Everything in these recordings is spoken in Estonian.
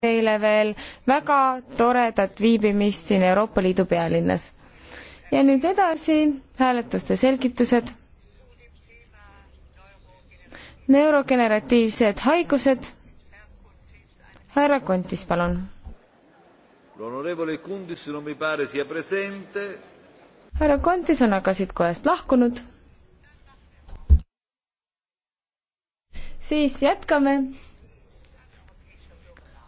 teile veel väga toredat viibimist siin Euroopa Liidu pealinnas. ja nüüd edasi hääletuste selgitused. neurogeneratiivsed haigused. härra Kontis, palun. härra Kontis on aga siit kojast lahkunud. siis jätkame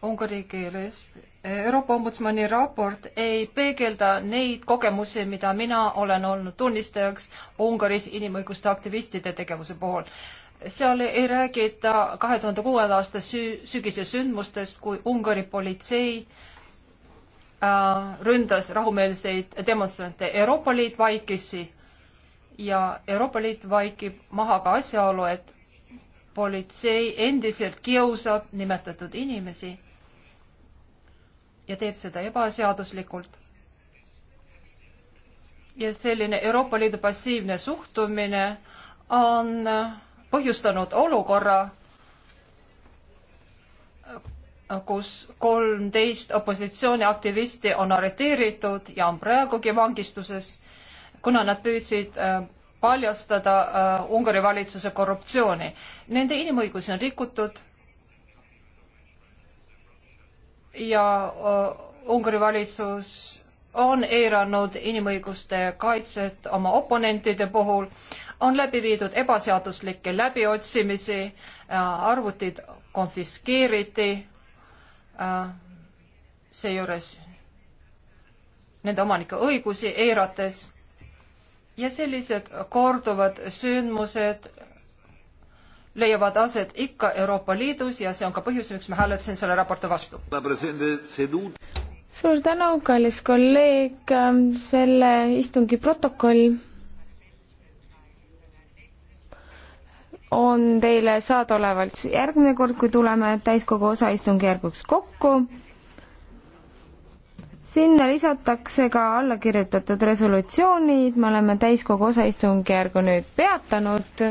ungari keeles. Eh, Euroopa Ombudsmani raport ei peegelda neid kogemusi, mida mina olen olnud tunnistajaks Ungaris inimõiguste aktivistide tegevuse puhul. seal ei räägita kahe tuhande kuuenda aasta süü-, sügise sündmustest, kui Ungari politsei äh, ründas rahumeelseid demonstrante. Euroopa Liit vaikis ja Euroopa Liit vaikib maha ka asjaolu, et politsei endiselt kiusab nimetatud inimesi ja teeb seda ebaseaduslikult. ja selline Euroopa Liidu passiivne suhtumine on põhjustanud olukorra, kus kolmteist opositsiooniaktivisti on arreteeritud ja on praegugi vangistuses, kuna nad püüdsid äh, paljastada äh, Ungari valitsuse korruptsiooni. Nende inimõigusi on rikutud ja äh, Ungari valitsus on eiranud inimõiguste kaitset oma oponentide puhul, on läbi viidud ebaseaduslikke läbiotsimisi, äh, arvutid konfiskeeriti, äh, seejuures nende omanike õigusi eirates ja sellised korduvad sündmused leiavad aset ikka Euroopa Liidus ja see on ka põhjus, miks ma hääletasin selle raporti vastu. suur tänu, kallis kolleeg, ähm, selle istungi protokoll on teile saadaolevalt järgmine kord, kui tuleme täiskogu osaistungjärguks kokku. sinna lisatakse ka allakirjutatud resolutsioonid, me oleme täiskogu osaistungjärgu nüüd peatanud.